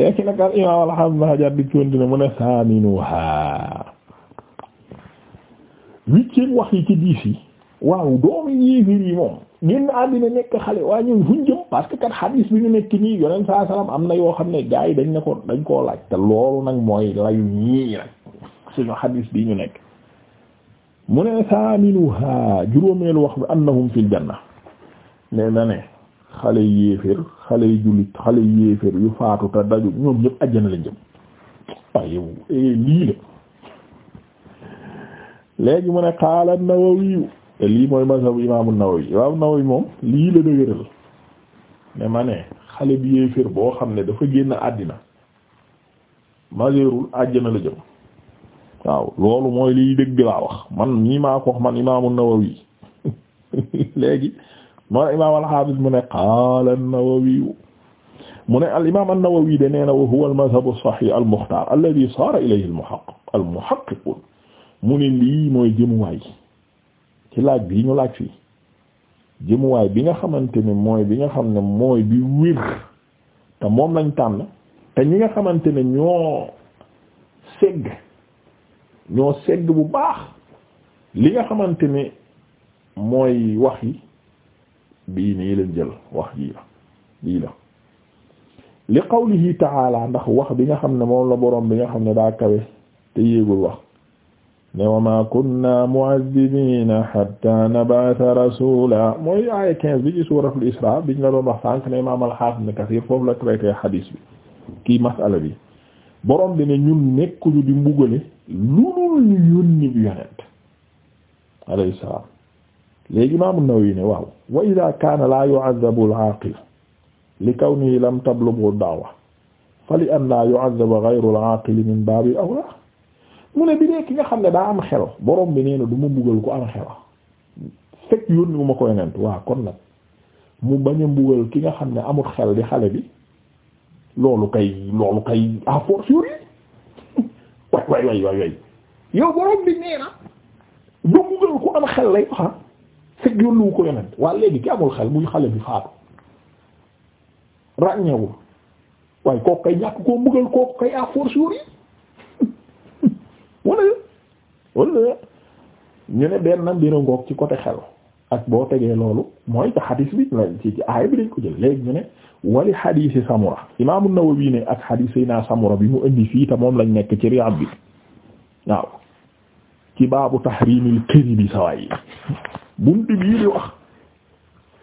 léegi nag al imaam alhamdulilah di mu ne saaminuha huitième wax yi ci diis yi waaw doomu yéefir yi moom génn àddina nekk xale waa ñun fuñ jëm parce que kat xadiis bi ñu nekk nii yoneen saa salaam am na yoo xam ne gars yi dañ ne ko dañ koo laaj te loolu nag mooy layu ñii nag suñu xadiis bi ñu nekk mu ne saaminuha juróomeelu wax bi annahum fil janna nee na ne xale yéeféer xale jullit xale yéeféer yu faatu te daju ñoom ñëpp àjjana la jëm waaye eh, lii la léegi mu ne qaala Nawawi te lii mooy mazhab imaamu Nawawi imaamu Nawawi moom lii la dëgëral ne ma ne xale bi yéeféer boo xam ne dafa génn àddina majeerul àjjana la jëm waaw loolu mooy liy dëgg laa wax man ñii maa ko man imaamu Nawawi léegi moo imam al-Hafiz mu ne qaala an-Nawawi mu ne al-imam an-Nawawi de nee na wa huwa al-madhhab as-sahih al-mukhtar alladhi sara ilayhi al-muhaqqiq al-muhaqqiqun mu ne lii mooy jëmuwaay ci laaj bi ñu laaj fii jëmuwaay bi nga xamante ne mooy bi nga xam ne mooy bi wér te moom lañ tànn te ñi nga xamante ne ñoo segg ñoo segg bu baax li nga xamante ne mooy wax yi bii nii leen jël wax jii la li qawlihi ta'ala ndax wax bi nga xam ne moom la boroom bi nga xam ne daa kawe te yéegul wax ne wa ma kunna mu'azzibina hatta nab'atha rasula mooy aaya quinze bi ci suuratul isra biñ la doon wax sànk ne imaam al-Haafiz Ibn Kasiir foofu la xadiis bi kii masala bi boroom bi ne ñun nekkuñu di mbugale lu ñu yónni bi yonent alayhi salaam léegi imaam an-Nawawi ne waaw wa ida kaana laa yu'adhabu al-'aaqil li kawnihi lam tablughu ad-da'wa fa li an laa yu'adhaba ghayru al-'aaqil min baabi awlaa mu ne bi dee ki nga xam ne daa am xel borom bi nee na du mu ma ko nag mu bañ ki nga xam ne amul xel di xale loolu kay ku am xel lay wax ah. fekk yónnuwu ko yonent waa léegi ki amul xel muy xale bi faatu ràññewul waaye kooku kay ñàkk koo mbugal kooku kay à force jours yi wala wala ñu ne benn mbir ngoog ci côté xel ak boo tegee loolu mooy ci xadis bi aay bi dañ ko jël léegi ñu ne wali xadisi samura imaamu Nawawi ne ak xadis yi naa samura bi mu indi fii te moom lañ nekk ci Riyad bi waaw ci baabu këri bi sawaay yi buntu bii di wax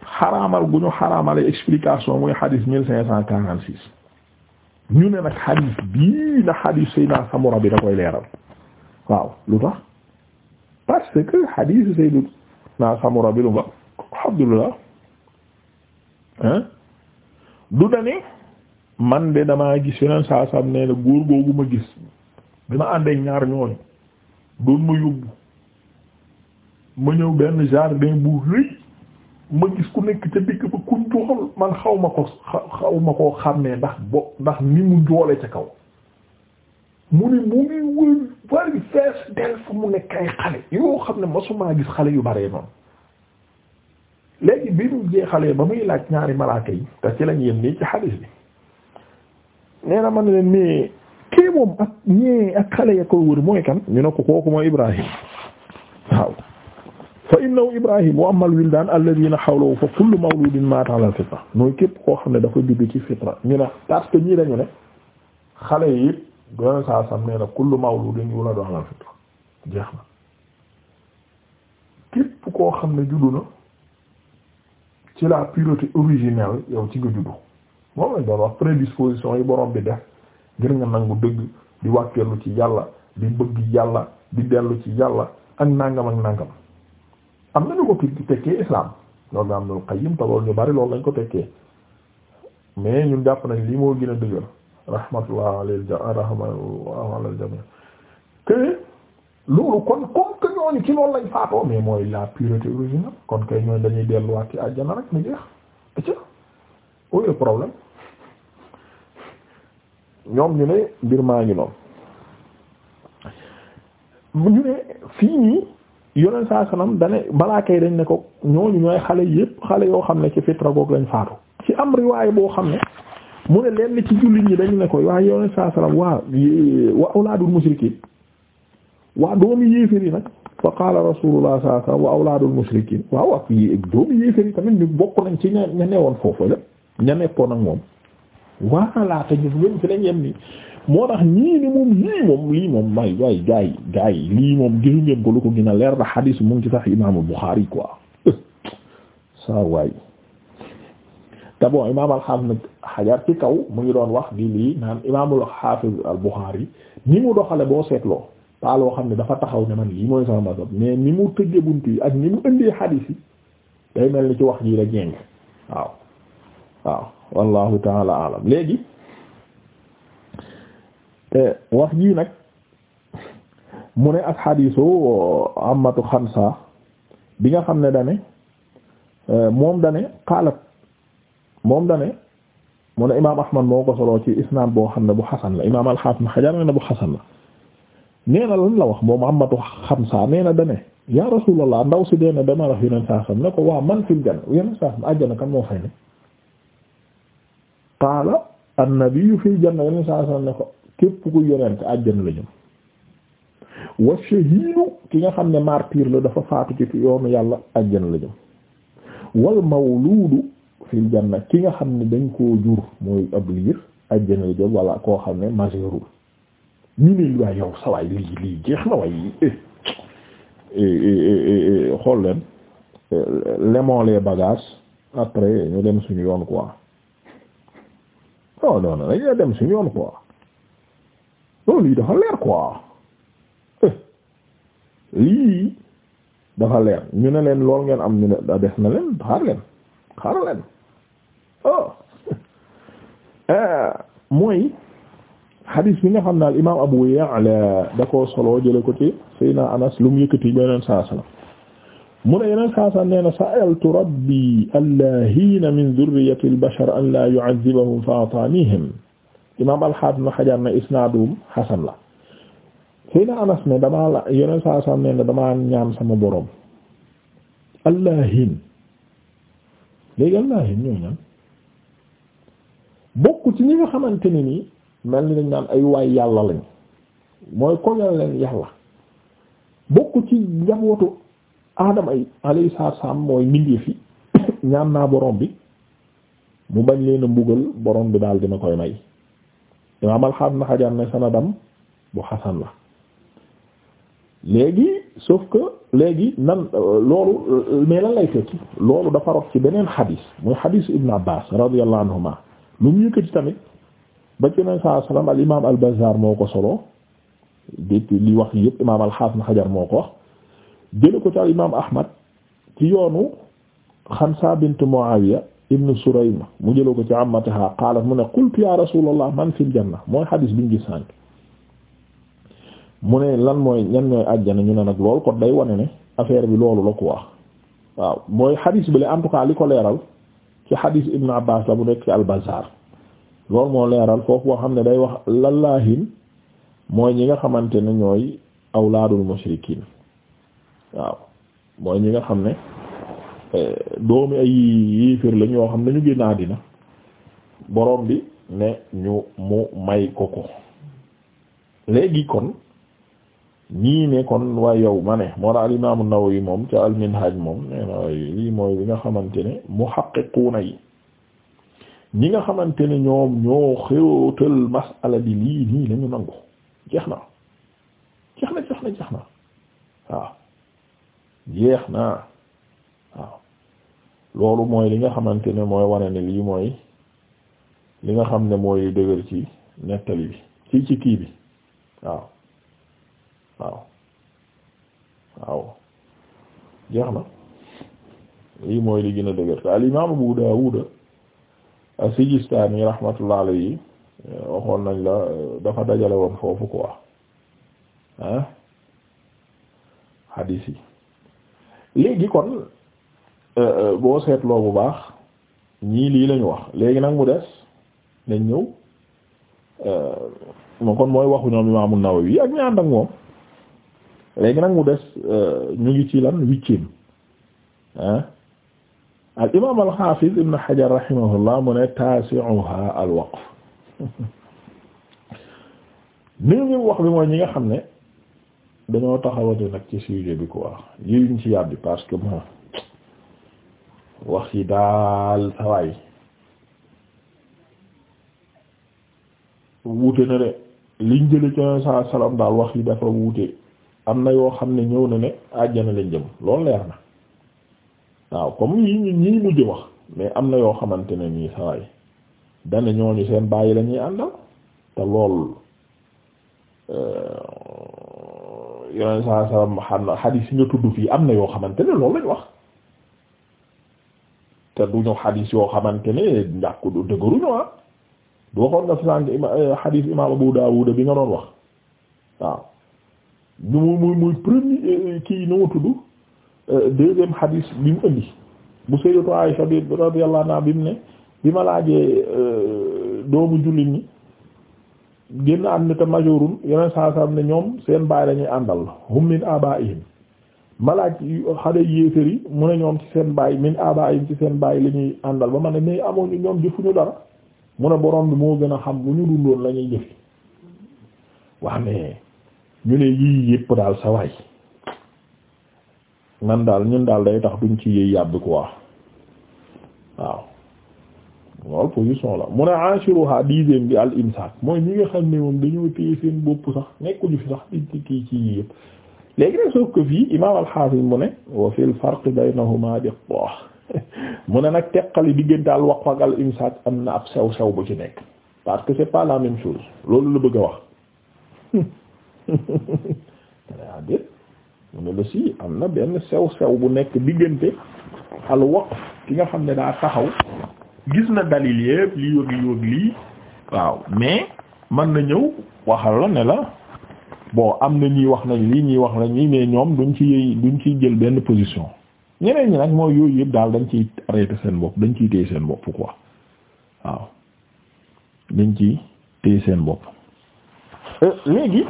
xaraamal bu ñu xaraamale explication muy xadis mille cent quarante six ñu ne nag xadis bii la xadis Seydina Samura bi da koy leeral waaw lu tax parce que xadis Seydina Samura bi lu ba alhamdulillah hein du dane man de damaa gis yeneen saa sam nee na góor googu ma gis bi ma àndeek ñaar ñooñu doon ma yóbbu mu ñëw benn jardin bu rëy ma gis ku nekk ca digg ba kuñ joxal man xaw ma ko xaw ma koo xàmmee ndax bo ndax ni mu joole ca kaw mu ne mu ngi wër fees del fa mu nekk ay xale yoo xam ne ma masumaa gis xale yu baree noonu léegi bi mu yi ba muy laaj ñaari malaaka yi te ci lañ yem nii ci xadiis bi nee na ma ne leen mais kii moom ak ñee ak xale ya koy wër mooy kan ñu ne ko kooku mooy Ibrahim waaw fa innahu ibrahim wa amal wildaan alladina xawlahu fa kullu mawludin fitra mooy képp koo xam ne dafa judd ci fitra ñu ne parce que ñii dañu ne xale yi it doon saa sam nee na kullu mawludin yuladu ala fitra jeex na képp koo xam ne juddu na ci la pureté originelle yow ci nga juddu moom lañ doon wax prédisposition yi boroom bi def ngir nga nangu dëgg di wàkkeelu ci yàlla di bëgg yàlla di dellu ci yàlla ak nangam ak nangam am nañu ko ki tekkee islam loolu am nul Qayyim te loolu ñu bari loolu lañ ko tekkee mais ñun jàpp nañ lii moo gën a dëgër rahmatullah alal rahmatullah alal jami que loolu kon comme que ñooñu ci loolu lañ faatoo mais mooy la pureté originale kon kay ñooñu dañuy delluwaat ci àjjana rek mu jeex ëcca aulieu problème ñoom ñu ne mbir maa ngi noonu ñu ne fii nii yoneen saa salaam dane malaaka yi dañ ne ko ñooñu ñooy xale yépp xale yoo xam ne ci fitra goog lañ faatu ci am riwaay boo xam ne mu ne lenn ci jullit ñi dañu ne ko waa yoneen saa salaam waa wa awlaadul mushrikiin waa doomi yéeféer yi nag fa qaala rasuulullah saa salaam wa awlaadul mushrikiin waaw ak doomi yéeféer tamit ñu bokk nañ ci ña ña newoon foofu la ña nekkoon ak moom waa laata ñu fi lañ yem nii moo tax ñii ni moom lii moom lii moom may waay gaay gaay lii moom gisu ko lu ko gën a leer da xadiis mu ngi ci sax imaamu Buxaari quoi saa waay te bon imaam al-Hafiz ci kaw mu ngi doon wax di lii naan imaamul al-Hafiz al-Buxaari ni mu doxale boo seetloo pas loo xam ne dafa taxaw ne man lii mooy sama mazhab mais ni mu tëgge buntu yi ak ni mu indee xadiis yi day mel ni ci wax jii la jéng waaw waaw wallahu taala alam léegi wax jii nag mu ne ak xadiisu uh, amatu xamsa bi nga xam ne dane uh, moom dane xaalat moom dane mu ne imaam ahmad moo ko soloo ci isnaad boo xam ne bu xasan la imaam alxaafis na ne na bu xasan la nee na lan la wax moom amatu xamsa nee na dane yaa rasuulallah ndaw si dee na dama rax yeneen saa sam ne ko waa man fil janna yeneen saa sam àjjana kan moo fay ne qaala an nabiyyu fil janna yeneen saa sam ne ko képp ku yonent àjjana la jëm wa shahiidu ki nga xam ne martyr la dafa faatu ci yoonu yàlla àjjana la jëm wal mawluudu fil janna ki nga xam ne dañ koo jur mooy ab liir àjjana la walla koo xam ne majeerul ñu ne lu waay yow sa waay lii lii jeex na waay eh, eh, eh, xool leen lemoon les bagages après ñu dem suñu yoon quoi non non lii dafa leer quoi eh. lii dafa leer ñu ne leen lool ngeen am ñu ne da def na leen oh eh, mooy xadiis bi nga xam ne al imaam Abu Ya'la da koo solo jële ko Anas lu mu yëkkati beneen saa salaam mu ne yeneen nee na sa'altu rabbi allahiina min dhurriyyati al-bashar an fa a'taanihim imaam al-Haafiz Ibn Hajar ne isnaaduhum hasan la Anas ne damaa la yeneen saa saam ne damaa ñaan sama borom allahin léegi allahin ñoo ñaan bokk ci ñi nga xamante ni nii mel ni dañ naan ay waay yàlla lañ mooy koñal leen yàlla bokk ci njabootu aadama yi alayhi salaam mooy mindee fi ñaan naa borom bi mu bañ leen a mbugal borom bi daal dina koy may imaam alxaam na xajar ne sanadam bu xasan la léegi sauf que léegi nan loolu mais lan lay tekki loolu dafa rox ci beneen xadis muy xadisu ibn abbas radiyallahu anhuma lu mu yëkkati tamit ba ci nabi sallallahu alayhi wasallam al imam al bazzar moo ko solo depuis li wax yëpp imaam alxaam na xajar moo ko wax jële ko ci al imam ahmad ci yoonu xamsa bint muawiya ibn Suraym mu jëloo ko ci ammataha qaalat mu ne qultu ya rasulallah man fil janna mooy xadis biñ gis sànq mu ne lan mooy ñan ñooy àjjana ñu ne nag lool kon day wone ne affaire bi loolu la ko wax waaw mooy xadis bi la en tout cas li ko leeral ci xadis ibn Abbas la bu nekk ci al-Bazzar loolu moo leeral foofu boo xam ne day wax lallaahin mooy ñi nga xamante ne ñooy awlaadul mushrikiin waaw mooy ñi nga xam ne Euh, doomi ay yéeféer lañ yoo xam ne ñu génn àddina boroom bi ne ñu mu may ko ko léegi kon ñii ne kon waaye yow ma ne moo la al imaamu Nawawi moom ca al minhaj moom nee na lii mooy li nga xamante ne muhaqqiquuna yi ñi nga xamante ne ñoom ñoo xewtal masala bi lii nii lañu nangu jeex na jeex na jeex na waaw jeex na loolu mooy li nga xamante ne mooy wane ne lii mooy li nga xam ne mooy dëgër ci nettali bi ci ci kii bi waaw waaw waaw jeex na lii mooy li gën a dëgër te al imaam Abu Daawud as-Sijistaani rahmatullah alayhi waxoon nañ la dafa dajale woon foofu quoi ah hadis yi léegi kon Euh, euh, boo seetloo bu baax ñii lii lañu wax léegi nag mu des nañ ñëw euh, moom kon mooy waxu ñoom Imaam An-Nawawi ak ñaan ak moom léegi nag mu des ñu ngi ci lan huitième ah al imaam al xaafiz Ibn Hajar rahimahullah mu ne taasi'uha al waqf neuvième wax bi mooy ñi nga xam ne dañoo taxawate nag ci sujet bi quoi yëyuñ ci yàbbi parce que bon. wax yi daal sawaay wuute na de liñ jële ci sa salaam daal wax yi dafa wuute am na yoo xam ne ñëw na ne àjjana lañ jëm loolu leer na waaw comme yi ñii mujj wax mais am na yoo xamante ne nii sawaay dana ñooñu seen bàyyi la ñuy àndal te lool yeneen saa salaam xam na xadiis yi nga tudd fii am na yoo xamante ne loolu wax te duñu xadis yoo xamante ne ndax ko dëgëruñu ah du waxoon nga fi sànq ima euh, imaam Abu Dawud bi nga doon wax waaw ñu muy muy premier euh, kii nu mu tudd euh, deuxième xadis bi mu indi bu Sayyidatu Aisha bi radiyallahu anha bi mu ne bi ma laajee doomu jullit ñi génn am na te majorun yeneen saa saa ne ñoom seen baay lañuy àndal hum min abaihim malaaj xale yéeféer yi mu ne ñoom ci seen baay min aba yi ci seen baay la ñuy àndal ba man ne mais amoon ñoom ñu dara mu ne borom bi moo gën a xam bu ñu dundoon lañuy ñuy jëfi waa mais ñu ne yii yëpp daal sa man daal ñun daal day tax duñ ci yëy yàbbi quoi waaw loolu position la mu ne ansuruha dixième bi al imsaak mooy ñi nga xam ne moom dañoo téye seen bopp sax nekkuñu fi sax di kii ci yii yëpp léegi nag sauf que fii imaam al mu ne wa fil farq baynahuma diqqa mu ne nag teqali diggante al wax ak al imsaak am na ab sew sew bu ci nekk parce que c'est pas la même chose loolu la bëgg a wax ah déet mu ne la si am na benn sew sew bu nekk diggante al waqf ki nga xam ne daa taxaw gis na dalil yépp li yóg yóg lii waaw mais mën na ñëw waxal la ne la. bon am na ñuy wax nañ lii ñuy wax nañ lii mais ñoom duñ ci duñ ciy jël benn position ñeneen ñi nag mooy yooyu yëpp daal dañ ciy arrêté seen bopp dañ ciy téye seen bopp quoi waaw dañ ciy téye seen bopp euh, léegi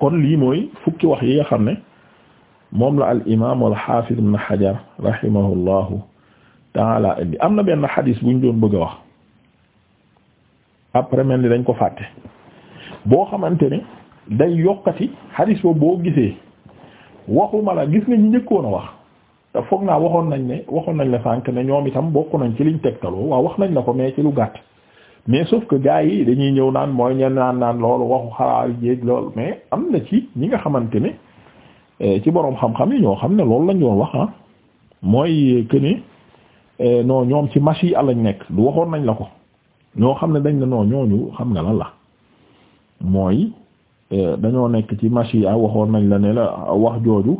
kon lii mooy fukki wax yi nga xam ne moom la al imaam al xaafid ibn xajar rahimahullahu taala indi am na benn xadis buñ doon bëgg a wax après mel ni dañ ko fàtte boo xamante ne day yokkati hadis boobu boo gisee waxuma la gis nga ñu njëkkoon a wax te foog naa waxoon nañ ne waxoon nañ la sànk ne ñoom itam bokk nañ ci liñ tegtaloo waaw wax nañ la ko mais ci lu gàtt mais sauf que gars yi dañuy ñëw naan mooy ñen naan naan loolu waxu xalaat jéeg loolu mais am na ci ñi nga xamante ne eh, ci boroom xam-xam yi ñoo xam ne loolu lañ doon wax ah mooy que ni eh, non ñoom ci machi yi lañ nekk du waxoon nañ la ko ñoo xam ne dañ ne non ñooñu xam nga lan la mooy euh, dañoo nekk ci machia waxoon nañ la ne la wax jooju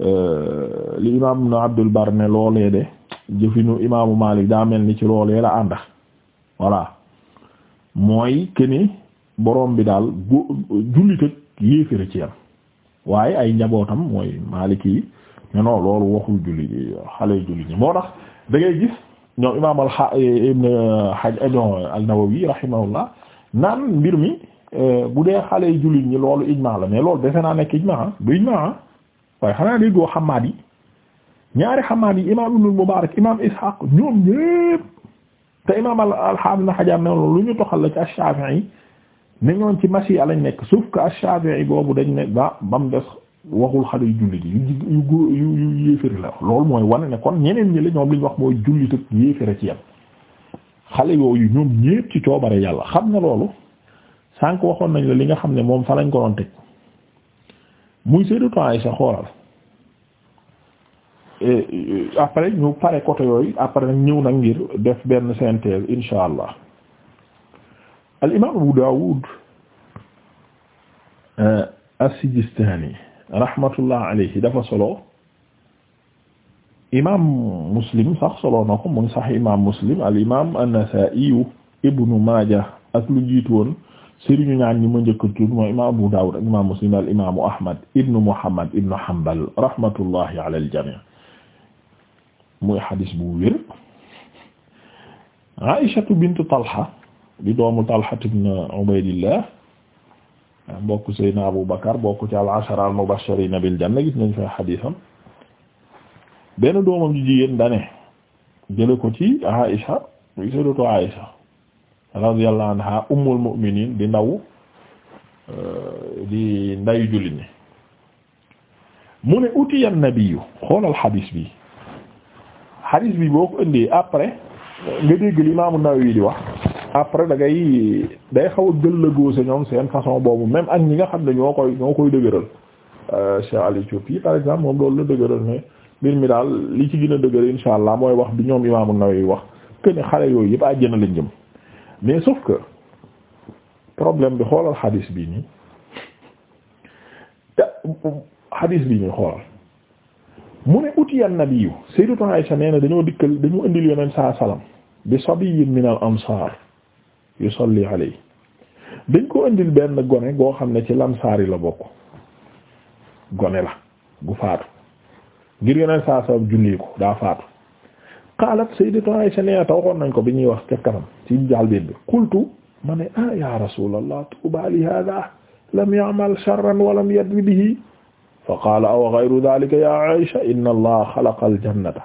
euh, li imaam ibn Abdul Bar ne loolee de jëfinu imaamu Maalik daa mel ni ci loolee la ànda voilà mooy keni borom bi daal jullit ak yéeféra ci waaye ay njabootam mooy Maalik yi ne loolu waxul julli xale julli ñi moo tax da gis ñoom imaam al ibn haj euh, ajon al-Nawawi rahimahullah naan mbir mi Euh, bu dee xale yu jullit ñi loolu ijmaa la mais loolu defe naa nekk ijmaa ah, du ijmaa ah. waaye xanaa déggoo xamaat yi ñaari xamaat yi imaam Ibnul Mubaarak imaam Ishaq ñoom ñépp te imaam al-Haafiz Ibn Hajar ne lu ñu toxal la ci ash yi ne ñoon ci masiya lañ nekk sauf que ash-Shaafi'i boobu dañ ne ba ba mu des waxul xale yu jullit yi yu yu la loolu mooy wane ne kon ñeneen ñi la ñoom li ñu wax mooy jullit ak yéeféri ci yam xale yooyu ñoom ñépp ci coobare yàlla xam na loolu sànq waxoon nañ la li nga xam ne moom fa lañ ko doon teg muy Sayyidatu Aisha xoolal euh, après ñu pare côté yooyu après nag ñëw nag ngir def benn synthèse insha allah al imaam Abu Dawud euh, as-Sijistani rahmatullah alayhi dafa solo imaam Muslim sax solo ko mu sax imaam Muslim al imaam an ibnu Maaja ak lu jiitu woon sëriñu ñaar ñi ma njëkk tudd Abu Dawud ak imam Muslim al imaamu Ahmad ibnu Muhammad ibnu Hanbal rahmatullahi ala al jami' muy hadis bu wér Aïshatu Talha di doomu Talha ibn Ubaydillah mbokk Seydina Abu Bakar bokk ci al ashara al mubashirin bil janna gis nañ fa hadisam benn doomam ji jigéen dane jële ko ci Aïsha muy sayyidatu Aïsha radiyallahu anha ummul mu'minin di ndaw euh, di ndayu jullit ñi mu ne utiya nabiyu xoolal xadiis bi xadiis bi boo ko indee après nga dégg li Imaamu Nawawi di wax après da ngay day xaw a gëllëgoo sa ñoom seen façon boobu même ak ñi nga xam ne ñoo koy ñoo koy dëgëral euh, Cheikh Ali Thiopi par exemple moom loolu la dëgëral ne mbir mi daal li ci gën a dëgër insha allah mooy wax bi ñoom Imaamu Nawawi wax que ne xale yooyu yëpp àjjana lañ jëm mais sauf que problème bi xoolal xadis bi nii te xadis bi nii xoolal mu ne utiya nabiyu sayyidatu Aisha nee na dañoo dikkal dañoo indil yoneen saa salaam bi sabiyyin min al ansaar yusalli alayhi dañ ko indil benn gone goo xam ne ci lamsaar yi la bokk gone la gu faatu ngir yoneen saa salaam julli ko daa faatu qaalat sayyidatu Aisha nee ta waxoon nañ ko bi ñuy wax ca kanam ci jaal bi qultu ma ne ah ya rasulallah tuuba li hada lam ya'mal sharran wa lam yadri bihi fa qaala aw ghayru dhalika ya Aisha inna allaha khalaqa al-jannata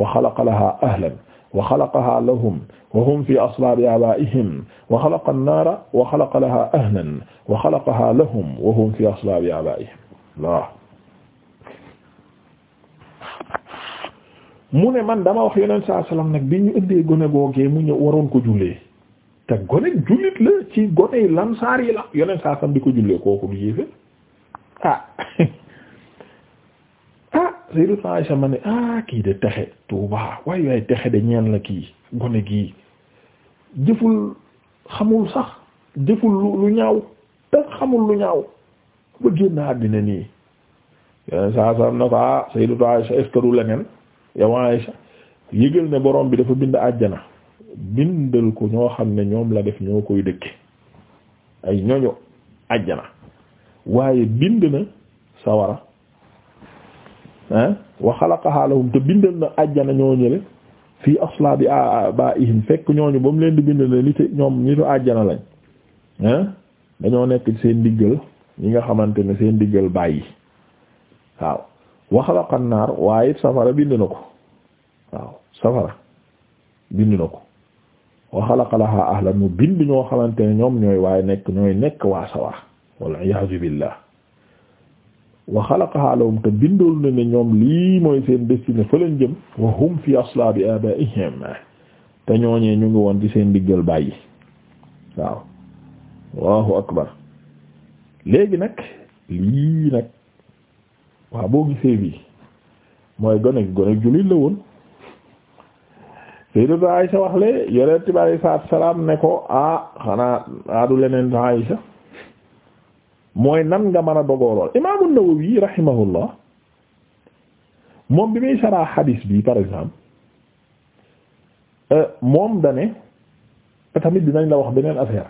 wa khalaqa laha ahlan wa xalaqaha lahum wa hum fi asbaabi aabaa'ihim wa xalaqa an-naara wa xalaqa laha ahlan wa xalaqaha lahum wa hum fi asbaabi aabaa'ihim mu ne man dama wax yonent saa salaam nag bi ñu indee gone googee mu ñëw waroon ko jullee te gone jullit la ci gone yi lansaar yi la yonent saa salaam di ko jullee kooku du ah. Ah, ne ah, kii de ñeen la kii gone gii jëful xamul sax jëful lu ñaaw te xamul lu na ko ah Sayyidatu Aisha est-ce que leneen yow Aysa yëgal ne borom bi dafa bind àjjana bindal ko ñoo xam ne ñoom la def ñoo koy dëkke ay ñoñu àjjana waaye bind na sawara ah wa xalaqahaa lahum te bindal na àjjana ñoo ñële fii aslaabi aabaa'ihim fekk ñooñu ba leen di bind ne nit ñoom nitu àjjana lañ ah dañoo nekk seen diggal ñi nga xamante ne seen diggal bàyyi waaw wa a an-naar waaye it safara bind na ko waaw safara bind na ko wa xalaqa lahaa ahlan mu bind ñoo xamante ne ñoom ñooy waaye nekk ñooy nekk waa sawara wal iyaazu billah wa xalaqahaa lahum te bindool ne ñoom lii mooy seen destinée fa lañ jëm wa fi aslaabi aabaa'ihim te ñooñee ñu ngi woon ci seen diggal bàyyi waaw allahu akbar léegi nag lii nag waaw boo gisee bi mooy gone gone jullit la woon Sayyidatu Aysa wax le yonent bi alayhi salaatu salaam ne ko ah xanaa aadu ah, leneen Aysa mooy nan nga mën a dogoo lool Imaam An-Nawawi moom bi muy saraa xadiis bi par exemple euh, moom dane tamit dinañ la wax beneen affaire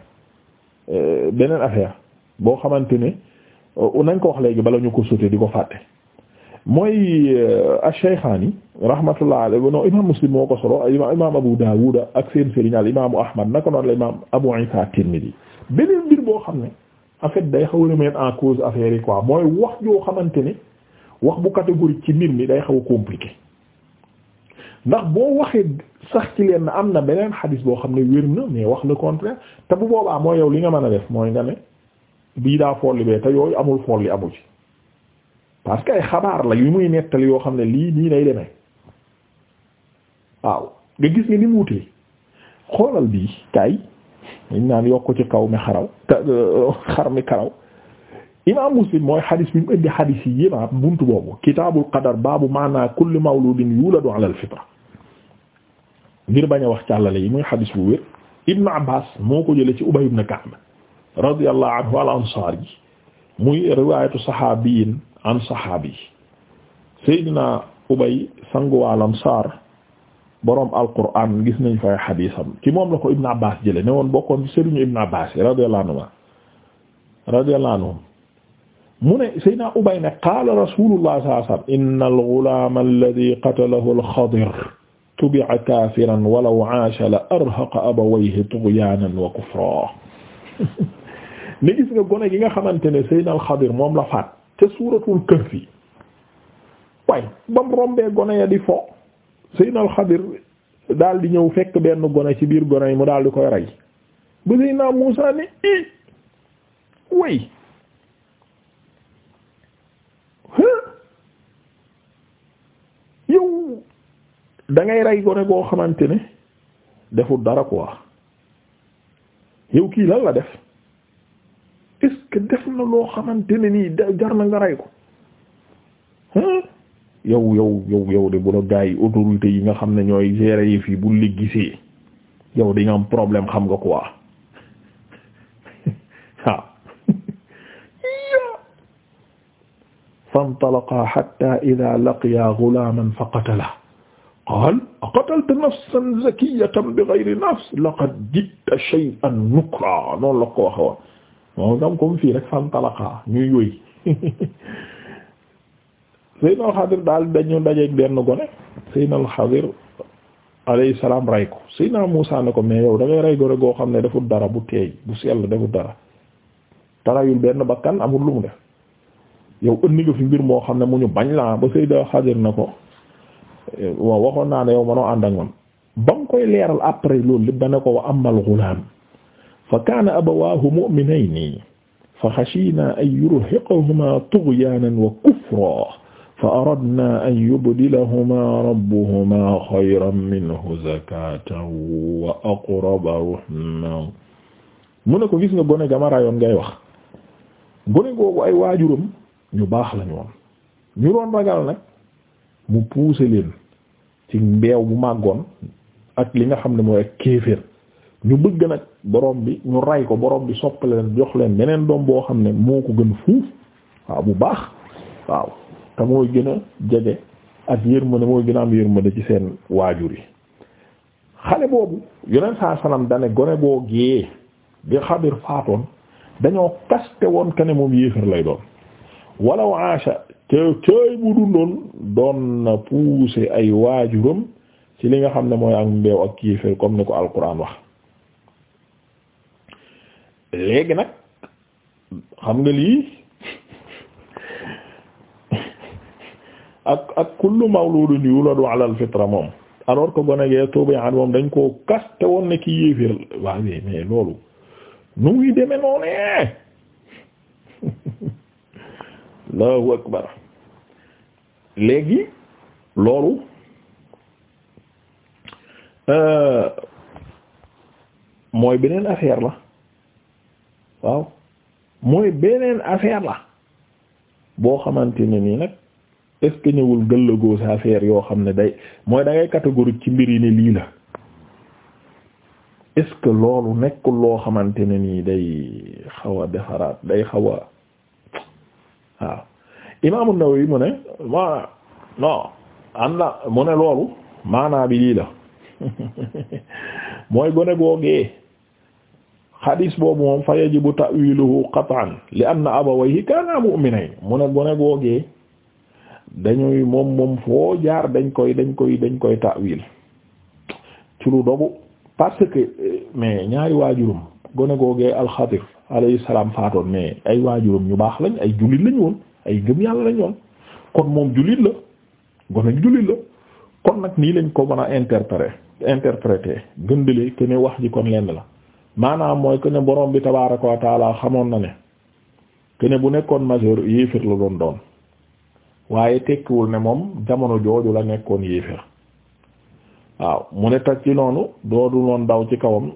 euh, beneen affaire boo xamante ne euh, nañ ko wax léegi bala ñu ko sotee di ko fàtte mooy euh, ash-Shaykhaani rahmatullah alayhi non imaam Muslim moo ko solo imaam Abu Daawud ak seen sëriñ al imaamu Ahmad naka noonu la imaam Abu Iisa at-Tirmidhi beneen mbir boo xam ne en day xaw a remettre en cause affaire yi quoi mooy wax joo xamante ne wax bu catégorique ci mbir mi day xaw a compliqué ndax boo waxee sax ci leen am na beneen xadis boo xam ne wér na mais wax le contraire te bu boobaa mooy yow li nga mën a def mooy nga ne bii daa folli bee te yooyu amul amu ci. parce que ay xabaar la yu muy nettali yoo xam ne lii nii lay demee waaw nga gis nga ni mu wutee xoolal bii kay dañ naan yokk ci kaw mi xaraw euh, xar imaam muslim mooy xadis bi mu indi xadis yi yéma ah, buntu boobu kitaabul qadar baabu maana kulli mawludin yuladu ala al fitra ngir bañ a wax càllale yi muy xadis bu wér ibnu abbas moo ko jële ci ubay ibn ka'b radiyallahu anhu al ansari muy riwaayatu saxaabiyin an saxaabi Seydina Ubay sanguwaal ansaar boroom alquraan gis nañ fay xadiisam ci moom la ko Ibn Abbas jële ne woon bokkoon sëriñu Ibn Abbas radiyallahu anhuma radiyallahu anhum mu ne Seydina Ubay ne qaala rasuulullah sallallahu alayhi wa sallam inna al-ghulaama alladhi qatalahu al-Xadir tubi'a kaafiran walaw 'aasha la arhaqa abawayhi tughyaanan wa kufran ne gis nga gone gi nga xamante ne Seydina al-Xadir moom la faat ca suuratul kahfi waaye ba mu rombee gone ya di fo Seynal Xadir daal di ñëw fekk benn gone ci biir gone yi mu daal di koy rey ba Seyna Muusaa ne i eh, way yow da rey gone goo xamante ne deful dara quoi yow kii lan la def est-ce def na loo xamante ne nii jar na yow yow yow yow de bu la gaa yi yi nga xam ne ñooy gérer yi fii bu li gisee yow di nga am problème xam nga quoi waaw ah. fantalaqa hatta idha laqiya ghulaman faqatala qaal aqatalta nafsan zakiyatan bighayri nafs laqad ji'ta shay'an nukra noonu la ko waxe moo gam comme fii rek fantalaka ñuy yooy Seydina Alxadir daal dañu dajeeg benn gone Seydina Alxadir alayhi salaam rey ko Seydina Muusaa ne ko mais yow da ngay rey gone goo xam ne deful dara bu teey bu sell deful dara tarayul benn bakkan amul lu mu def yow ëndi fi mbir moo xam ne mu ñu bañ laa ba Seydina Alxadir na ko waxoon naa ne yow mënoo ànd ak man ba mu koy leeral après loolu li ba ne ko wa amal gulaam fa kaana abawaahu mu'minayni fa xashiinaa an yurhiqahumaa tughyanan wa kufran fa aradnaa an yubdilahumaa rabbuhumaa xayran minhu zakaatan wa aqraba rahmaa mu ne ko gis nga gone gama rayoon ngay wax gone googu ay waajuram ñu baax lañu woon ñu doon ragal nag mu puuse leen ci mbeew bu màggoon ak li nga xam ne mooy ak kéefër ñu bëgg nag borom bi ñu ray ko borom bi sopp leen jox leen beneen doom boo xam ne moo ko gën fuuf waaw bu baax waaw te mooy gën a jege ak yërmande mooy gën a am yërmande ci seen waajur yi xale boobu yoneen saa salaam dane gone boo gée di xabir faatoon dañoo kaste woon ke yéefar lay doon walaw aasha te cëy bu dundoon doon na pousser ay waajuram ci li nga xam ne mooy ak mbeew ak yéefar comme ni ko alquran wax léegi nag xam nga lii ak ak kullu mawludun yuladu ala al-fitra moom alors que gone gee tuuba moom dañ ko kaste woon ki yéeféer waaw mais loolu nu ngi deme noonee Allahu akbar léegi loolu euh, mooy beneen affaire la waaw mooy beneen affaire la boo xamante ne nii nag est ñëwul gëllëgoo sa affaire yoo xam ne day mooy da ngay catégorique ci mbir yi ne lii la est-ce que loolu nekkul loo xamante ne nii day xaw a defaraat day xaw a waaw Imam An-Nawawi mu ne maana non am mu ne loolu maanaa bi lii la mooy gone googee xadis boobu moom fa yajibu ta'wiluhu qat'an li anna abawayhi kaana mu'minayn mu ne gone googee dañuy moom moom foo jaar dañ koy dañ koy dañ koy ta'wil ci lu dogu parce que mais ñaari waajurum gone googee alxatir alayhi salaam faatoon mais ay waajurum ñu baax lañ ay jullit lañ woon ay gëm yàlla lañ woon kon moom jullit la gone jullit la kon nag nii lañ ko man a interpréter interpréter gëndalee que wax ji kon lenn la maanaam mooy que ne borom bi tabaaraka wa taala xamoon na ne que ne bu nekkoon majeur yéefir la doon doon waaye tekkiwul ne moom jamono jooju la nekkoon yéefir waaw mu ne tag ci noonu doodu noon daw ci kawam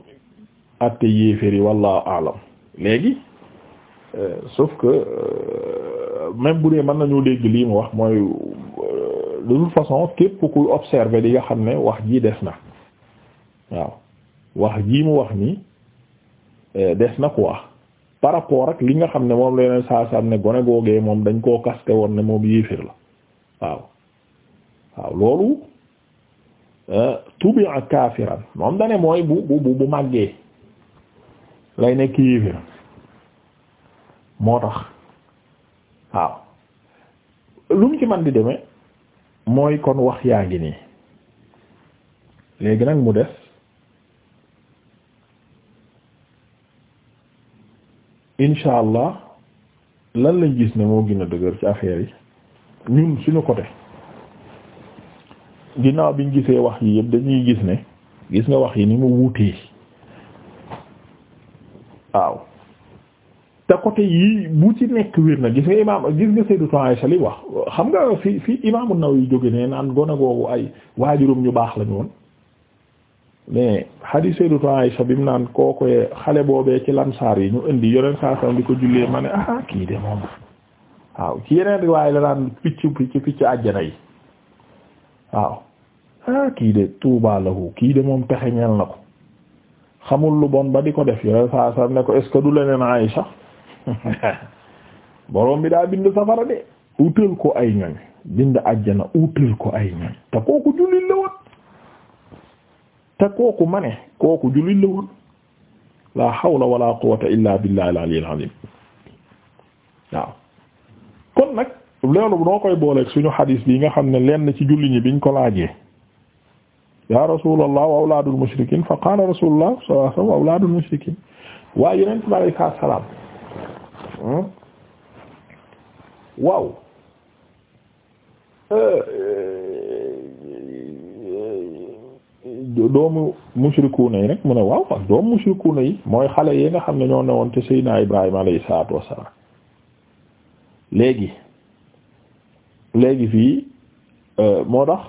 atte yéefir yi wallahu alam léegi euh, sauf que euh, même bu dee mën nañu dégg lii mu wax mooy euh, de toute façon képp kuy observer di nga xam ne wax jii des na waaw wax jii mu wax nii Euh, des na quoi par rapport ak li nga xam ne moom la yeneen saa saa ne gone googee moom dañ koo kaste woon ne moom yéefir la waaw waaw loolu euh, tubi ak kaafiran moom dane mooy bu bu bu màggee lay nekk yéefir moo tax waaw lu mu ci man di demee mooy kon wax yaa ngi nii léegi nag mu des incha allah lan lañ gis ne moo gën a dëgër ci affaire yi ñun suñu côté ginnaaw biñ gisee wax yi yëpp dañuy gis ne gis nga wax yi ni mu wuutee waaw te côté yii bu ci nekk wiir na gis nga imaam gis nga Sayyidatu Aisha li wax xam nga fi fi imaam An-Nawawi jóge ne naan gone googu ay waajurum ñu baax lañu woon mais hadis Sayyidatu Aisha bi mu naan kookoye xale boobee ci lansaar yi ñu indi yoneen saasam di ko jullee ma ne ah kii de moom waaw ci yeneen riwaay la naan picc picc picc àjjana yi waaw ah kii de tuubaa lahu kii de moom texe ñeel na ko xamul lu bon ba di ko def yoneen saasam ne ko est-ce que du leneen Aisha borom bi daa bind safara de utal ko ay ñoñ bind àjjana utal ko ay ñoñ te kooku jullit te kooku ma kooku jullit la woon la hawla wala quwwata illa billahi al-aliyyil azim waaw kon nag loolu noo koy booleeg suñu xadis bi nga xam ne lenn ci julli ñi biñ ko laajee ya rasulallah wa awlaadul mushrikiin fa qaala rasulullah sallallahu alayhi wa mushrikiin waa yonent bi alayhi salaam hmm? waaw euh, euh, doomu mushrikuuna yi nag mu ne waaw waaw doomu mushrikuuna yi mooy xale yi nga xam ne ñoo newoon te Seydina Ibrahima alayhi salaatu wassalaam léegi léegi fii euh, moo tax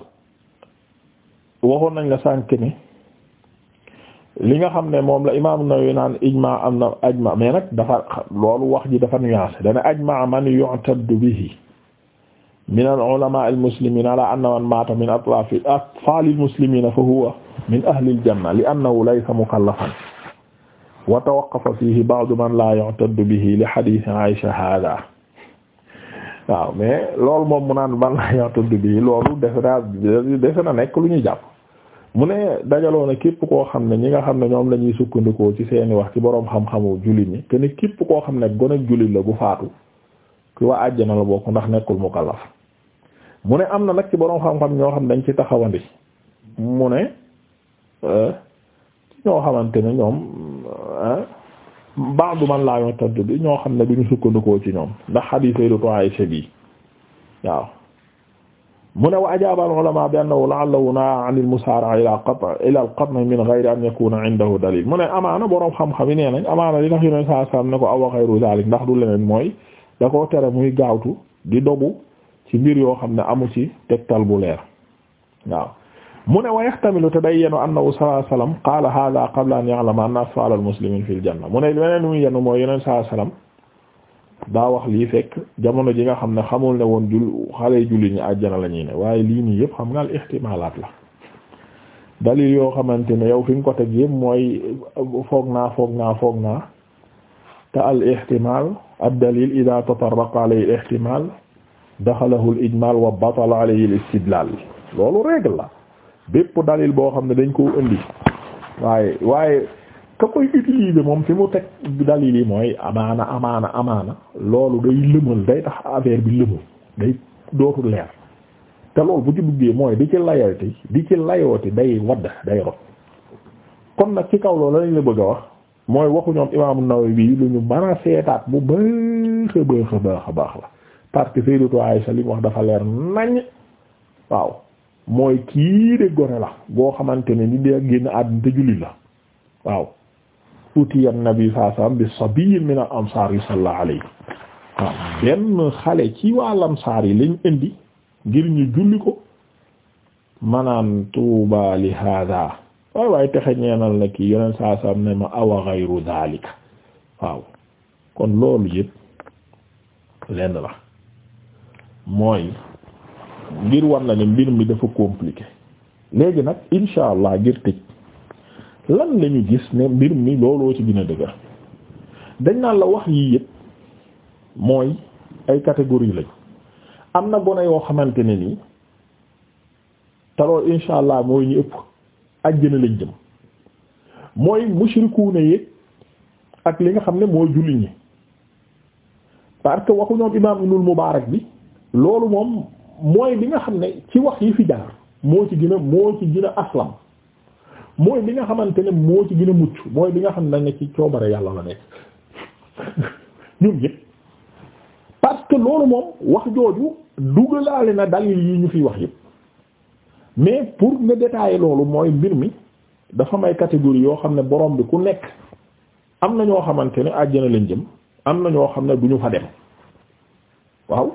waxoon nañ la sànk ni li nga xam ne moom la imaam Nawawi naan ijma am na ajma mais nag dafa loolu wax ji dafa nuancé dana ajma man yu'taddu bihi min al-ulama al-muslimin ala min atrafi atfal al-muslimin fa huwa min ahlil janna li annahu laysa mukallafan wa tawaqqafa fiihi ba'du man laa yu'taddu bihi li hadiisi Aïcha haadaa waaw mais loolu moom mu naan man laa yu'taddu bihi loolu defe naa defe na nekk lu ñuy jàpp mu ne dajaloo na képp koo xam ne ñi nga xam ne ñoom la ñuy sukkandikoo ci seeni wax ci boroom xam-xamu jullit ñi te ni képp koo xam ne gone jullit la bu faatu ki waa àjjana la bokk ndax nekkul mukallaf mu ne am na nag ci boroom xam-xam ñoo xam dañ ci taxawandi mu Euh, ñoo xamante ne ñoom euh, ba'du man laa yoo tëdd bi ñoo xam ne duñu sukkandikoo ci ñoom ndax xadiis Sayyidatu Aysa bi waaw mu ne wa ajaaba al-ulamaa bi annahu la'allahu nahaa an al-musaara'a ila qat' ila al-qatn min ghayri an yakuna indahu dalil mu ne amaana boroom xam-xam nee nañ amaana li tax Yonent saa salaam ne ko aw ghayru dalik ndax du leneen mooy da koo tere muy gaawtu di dogu ci mbir yoo xam ne amu ci tegtal bu leer waaw mu ne wa yahtamilu te day yenu annahu sallallahu alayhi wasallam qabla an ya'lama anna af'ala al-muslimin fil janna mu ne leneen muy yenu mooy yeneen sallallahu lii fekk jamono ji nga xam ne xamul ne woon jul xale julli ñi àjjana la ñuy ne waaye lii nii yëpp xam nga al ihtimalaat la dalil yoo xamante ne yow fi nga ko teg yëpp mooy foog naa foog naa foog naa te al ihtimal ad dalil ida tatarraqa alayhi al ihtimal daxalahu al ijmal wa batala alayhi al istidlal la bépp dalil boo xam ne dañ koo indi waaye waaye ka koy utiliser moom fi mu teg dalil yi mooy amaana amaana amaana loolu day lëmal day tax affaire bi lëmal day dootul leer te loolu bu ci duggee mooy di ci layooti di ci layooti day wadd day rot kon nag ci kaw loolu lañ la bëgg a wax mooy waxu ñoom imaamu Nawawi bi lu ñu mën a seetaat bu baax a baax a baax la parce que Sayyidatu Aisha li wax dafa leer nañ waaw mooy kii de gone la boo xamante ne ni dee génn àddina te jullit la waaw utiya nabi sallallahu alayhi bi sabiyyin min al-ansaar sallallahu alayhi waaw benn xale ci waa lamsaar yi lañ indi ngir ñu julli ko manaan tuuba li hada waay waaye texe ñeenal na kii yeneen saa sam ne ma awa ghayru dhalika waaw kon loolu yëpp lenn la mooy ngir war la ne mbir mi dafa compliqué léegi nag insha allah ngir tëj lan lañu gis ne mbir mi looloo ci gën a dëgër dañ naan la wax yii yëpp mooy ay catégorie lañ am na gone yoo xamante ne nii taloo insha allah mooy ñu ëpp àjjana lañ jëm mooy mushrikuuna yëg ak li nga xam ne mooy julli ñi parce que waxu ñoom imaam Ibnul Mubaarak bi loolu moom mooy bi nga xam ne ci wax yi fi jaar moo ci gën a moo ci gën a aslam mooy bi nga xamante ne moo ci gën a mucc mooy bi nga xam ne ci coobare yàlla la nekk ñun yëpp parce que loolu moom wax jooju dugalaale na dalil yi ñu fiy wax yëpp mais pour nga détailler loolu mooy mbir mi dafa may catégorie yoo xam ne borom bi ku nekk am na ñoo xamante ne àjjana lañ jëm am na ñoo xam ne du ñu fa dem waaw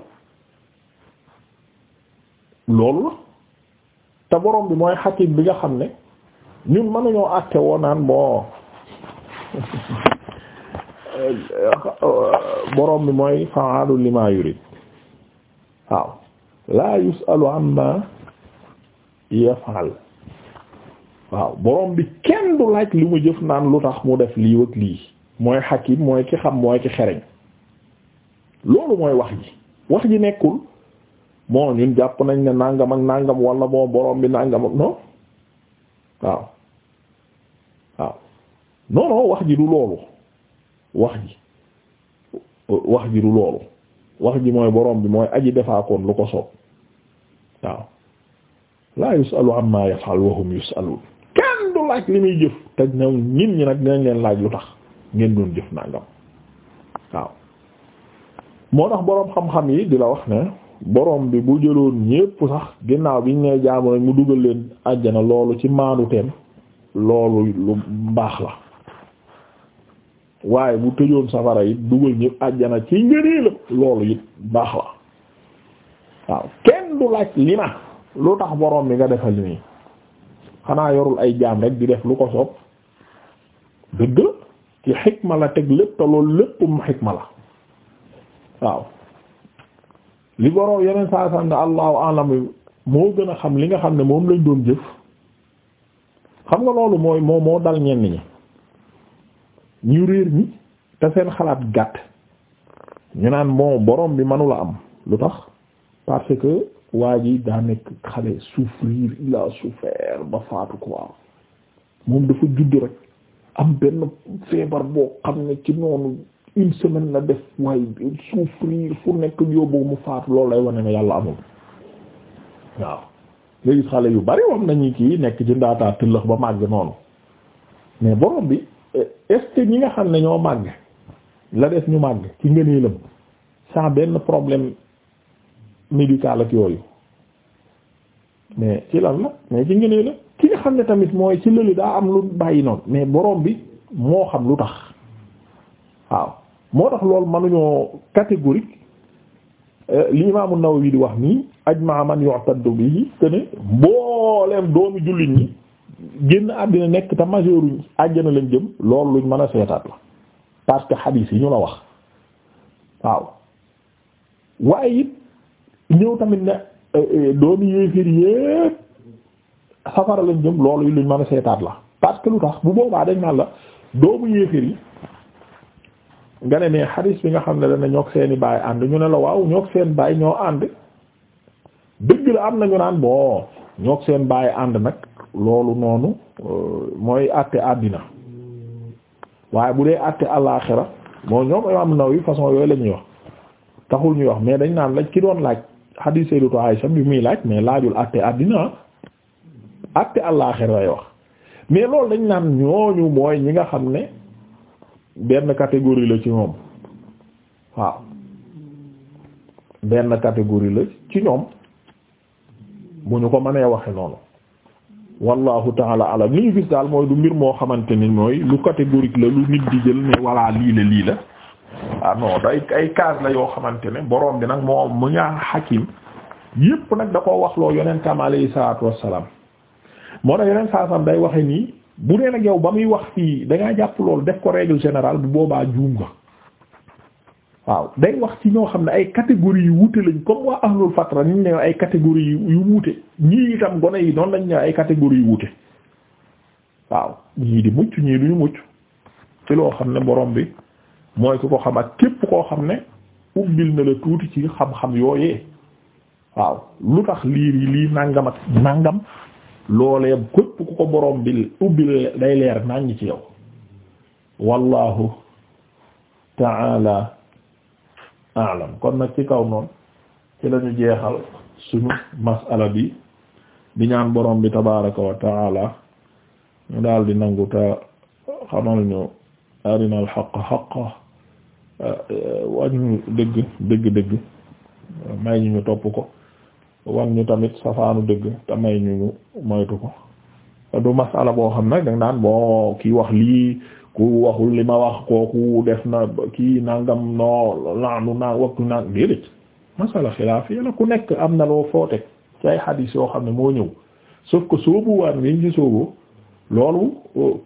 loolu la te boroom bi mooy xakim bi nga xam ne ñun mënuñoo àtte woo naan bon borom bi mooy fa'alu lima yurid waaw la yusalu amma yaf'al waaw borom bi kenn du laaj li mu jëf naan lu tax mu def lii ak lii mooy xakim mooy ki xam mooy ki xereñ loolu mooy wax ji wax ji nekkul. bon ñun jàpp nañ ne nàngam ak nangam wala bon boroom bi nangam ak non waaw waaw non non wax ji du loolu wax ji wax ji du loolu wax ji mooy boroom bi mooy aji defaakoon lu ko soob waaw laa yusalu amma yafal wa hum yusalun kenn du laaj li muy jëf te ñëw ñin ñi nag dinañ leen laaj lu tax ngeen doon jëf nangam waaw moo tax boroom xam-xam yi di la wax ne borom bi bu jëloon ñépp sax ginnaaw biñ nee jaamu nañ mu dugal leen àjjana loolu ci maanu teem loolu lu baax la waaye bu tëjoon safara it dugal ñépp àjjana ci ngëneelam loolu it baax la waaw kenn du laaj li ma lu tax borom bi nga defal nii xanaa yorul ay jaam rek di def lu ko soob dëgg ci xikma la teg lépp te loolu lépp mu xikma la waaw li boroo yeneen saa sax ne allahu alam moo gën a xam li nga xam ne moom lañ doon jëf xam nga loolu mooy moo moo dal ñenn ñi ñu réer ñi te seen xalaat gàtt ñu naan moo boroom bi manula am lu tax parce que waa ji daa nekk xale souffrir il a souffert ba faatu quoi moom dafa judd rek am benn feebar boo xam ne ci noonu une semaine la def waaye souffrir fu nekk yóbbu mu faatu loolu lay wane ne yàlla amul waaw léegi xale yu bari wam nañu kii nekk ci ndaataa tëllëx ba màgg noonu mais borom bi est-ce ñi nga xam ne ñoo màgg la def ñu màgg ci ngëneelam benn problème médical ak yooyu mais ci la mais ci ki nga xam ne tamit mooy ci lëli daa am lu bàyyi noonu mais borom bi moo xam lu tax waaw moo tax loolu mënuñoo catégorique euh, li Imaam ndaw nawawi di wax nii ajmaa man yu'taddu bihi te ne mbooleem doomu jullit ñi génn àddina nekk te majooruñ àjjana lañ jëm loolu luñ mën a seetaat la parce que xadiis yi ñu la wax waaw waaye ñëw tamit ne euh, euh, doomu yéefir yépp lañ jëm loolu yi mën a seetaat la parce que lu tax bu boobaa dañ naan la doomu yéefir yi nga ne mais xadis bi nga xam ne dana ñoog seen i baay ànd ñu ne la waaw ñoog seen baay ñoo ànd dëgg la am nañu naan bon ñook seen baay ànd nag loolu noonu euh, mooy àtte àddina waaye bu dee àtte àllaaxira moo ñoom Imaam Nawawi façon yooyu la ñuy wax taxul ñuy wax mais dañ naan lañ ki doon laaj xadiis Sayyidatu Aysa bi muy laaj mais laajul àtte àddina àtte àllaaxira lay wax mais loolu dañ naan ñooñu mooy ñi nga xam ne benn catégorie la ci ñoom waaw benn catégorie la ci ñoom bu ñu ko mënee waxe noonu wallahu taala alam li ñu gis daal mooy du mbir moo xamante ni mooy lu catégorique la lu nit di jël ne voilà lii la lii la ah non ay case la yoo xamante ne borom bi nag moo mu nga xakim yépp nag da koo wax loo yonentam alayhi salaatu wassalaam moo tax yeneen saa sam day waxe nii bu dee nag yow ba muy wax fii da jàpp loolu def ko règle générale bi boobaa juum nga waaw day wax ci ñoo xam ne ay catégories yu wuute lañ comme waa ahlul fatra niñ ne ay catégories yu wuute ñii itam gone yi noonu lañ ne ay catégories yu wute waaw ñii di mucc ñii duñu mucc ci loo xam ne borom bi mooy ku ko xam ak képp koo xam ne ubbil na la tuuti ci xam-xam yooyee waaw lu tax lii lii nangam ak nangam loolee ku ko borom bi ubbi day leer nañ ci yow wallahu ta'ala a'lam kon nag ci kaw noonu ci lañu jeexal suñu mas'ala bi di ñaan borom bi tabaraka wa ta'ala ñu daal nangu ta xamal ñu arina al xaq wañu dëgg dëgg dëgg may ñu ñu topp ko wan ñu tamit safaanu dëgg te may ñu moytu ko du masala boo xam nag danga naan bon kii wax lii ku waxul li ma wax kooku def na kii nangam noo laanu naa waktu naan déedéet masala xilaafiya la ku nekk am na loo foote ci ay xadiis yoo xam ne moo ñëw sauf que soobu waan liñ ci soobu loolu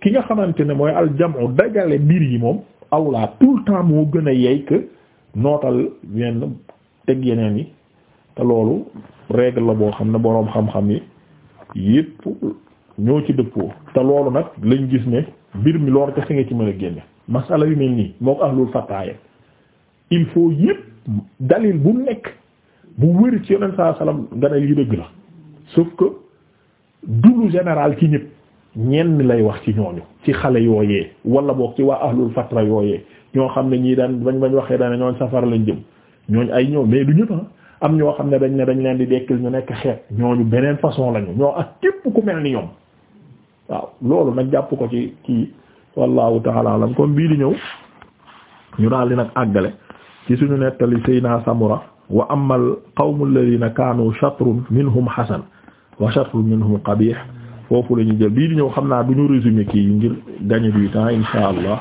ki nga xamante ne mooy aljamu dajale mbir yi moom awlaa tout le temps moo gën a yey que nootal yenn teg yeneen yi te loolu règle la boo xam ne boroom xam-xam yi yépp ñoo ci dëppoo te loolu nag lañ gis ne mbir mi loolu kese nga ci mën a génne masala yu mel nii moo ko ahlul fataaye il faut yépp dalil bu nekk bu wér ci yonent saa salaam nga ne lii dëgg la sauf que dulu général ci ñépp ñenn lay wax ci ñooñu ci xale yooyee wala boog ci waa ahlul fatra yooyee ñoo xam ne ñii daan bañ bañ waxee daan ñooñ safara lañ jëm ñooñ ay ñëw mais du ñëpp ah. am ñoo xam ne dañ ne dañ leen di dekkil ñu nekk xeet ñooñu beneen façon lañu ñoo ak képp ku mel ni ñoom waaw loolu nag jàpp ko ci kii wallahu ta'ala alam kon bii di ñëw ñu daal di nag àggale ci suñu nettali sayna samura wa amma al qawmu alladhina kaanu shatrun minhum hasan wa shatrun minhum qabih foofu la ñu jël bii di ñëw xam naa du ñu résumé kii yi ngir gagner du temps insha allah